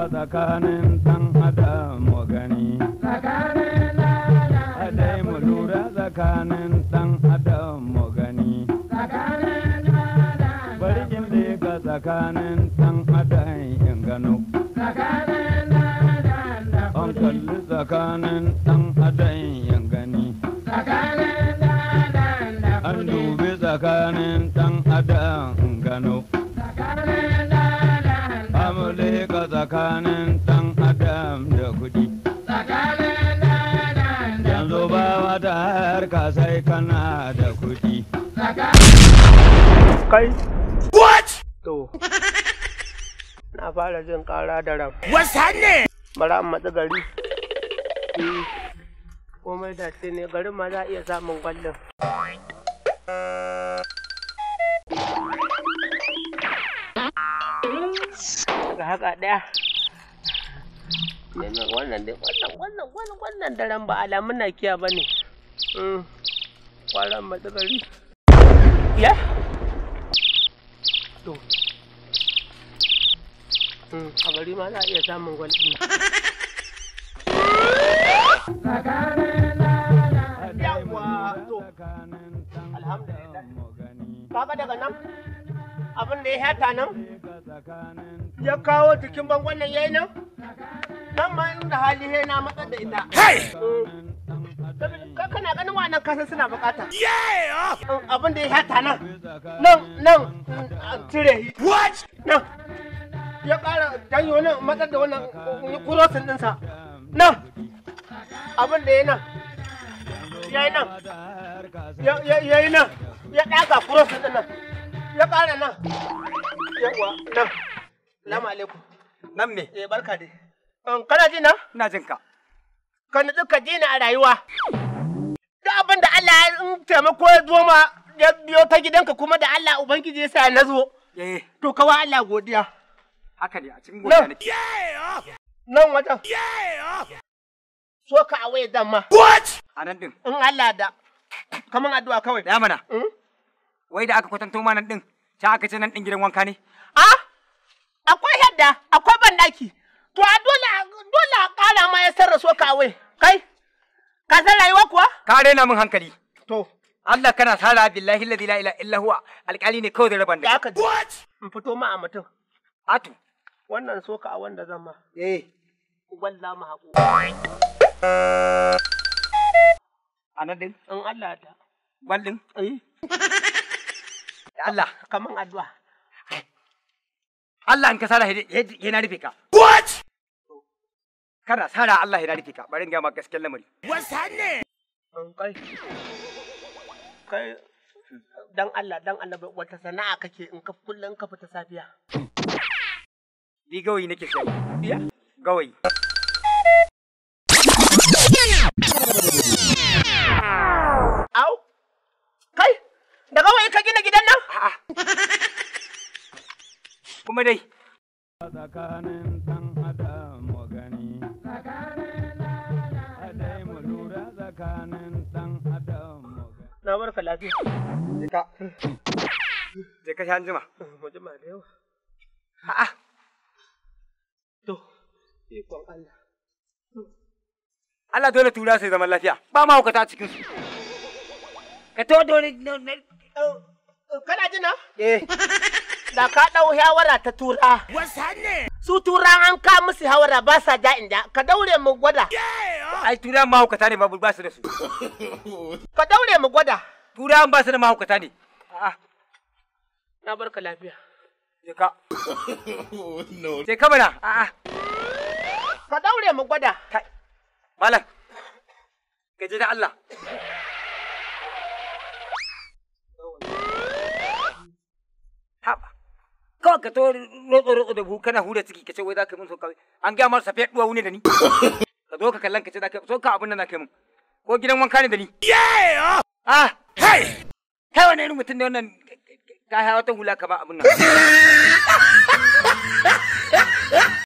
tsakanin dan adam gani tsakanin adam mu lura tsakanin dan adam gani tsakanin adam barkin da ga tsakanin dan adam in gano tsakanin adam da kalli tsakanin dan adam in gani tsakanin adam da an dubi tsakanin dan adam in gano tsakanin kulle ka tsakanin dan adam da kudi yanzu ba wata harka sai kana da kudi kai what to na fara jin kara da ram wasa ne bara an matsi gari eh, komai da ne garin ma za a iya samun gwallon haka ɗaya wannan dai wannan wannan wannan wannan daren ba alamun na kiya ba ne hmm, kwaran matsakari ya to hmm, a gari ma za a iya samun gwalɗi Alhamdulillah. Kaga daga nan abin da ya hata nan ya kawo jikin bangon nan yayi nan nan ma inda hali he na matsar da ita hey ka kana ganin wannan kasan suna bukata yeah ah! abin da ya hata nan nan nan tire what nan ya kara janyo nan matsar da wannan eh, kurosin dinsa nan abin da ya nan yayi nan yayi nan ya ɗaga kurosin din nan ya kara nan yawa nan Salamu alaikum. Nan me? Eh barka dai. Um, kana jina? na? Ina jin ka. Ka nutsu ka jina a rayuwa. Duk abin da Allah ya taimako ya zo ma ya biyo ta gidanka kuma da Allah Ubangiji ya sa na zo. Eh. To wa Allah godiya. Haka ne a cikin godiya nake. Nan wajen. So ka a waye zan ma. What? A nan din. In Allah da. Kaman addu'a kawai. Ya mana. Hmm? Wai da aka kwatanto ma nan din. Ta aka ce nan din gidan wanka ne. Ah! yadda akwai ban daki to a dole dole a kara ma ya sarra so ka wai kai ka san rayuwa kuwa ka rena min hankali to Allah kana sara billahi la ilaha illa huwa alƙali ne kawai da raban da ka in fito ma a mutum atu wannan soka a wanda zan ma eh walla mu haƙo Ana din in Allah ta wallin eh Allah kaman addu'a Allah in ka sara ya na rufe ka. What? Kana sara Allah ya na rufe ka, bari in gama gaskiyar lamari. Wasanne! Kai, kai, dan Allah, dan Allah, wata sana'a kake in ka kullun ka fita safiya. Ni gawai nake sai. Ya? Gawai. Au! Kai, da gawai ka gina gidan nan? dai. Tsakanin Na bar sha anjima. A'a. Allah. dole tura sai zaman lafiya. Ba ma hukata cikin su. Ka to dole oh, oh, kana jina? Eh. da ka dau hawara ta tura. Su tura an ka musu hawara ba sa ja inda ka daure mu gwada. Ai tura mahaukata ne ma ba su da su. Ka daure mu gwada. Tura ba su da mahaukata ne. Na barka lafiya. Je ka. Je ka mana. A'a. Ka daure mu gwada. Malam. Ka je da Allah. kawai ka to roƙo roƙo da buhu kana hura ciki ka ce wai za ka yi mun so kawai an gaya masa safiya duwa wuni da ni ka zo ka kallon ka ce za ka so ka abin da za ka yi min ko gidan wanka ne da ni. ah hey kai wani irin mutum ne wannan ka hawa ta hula ka ba abin nan.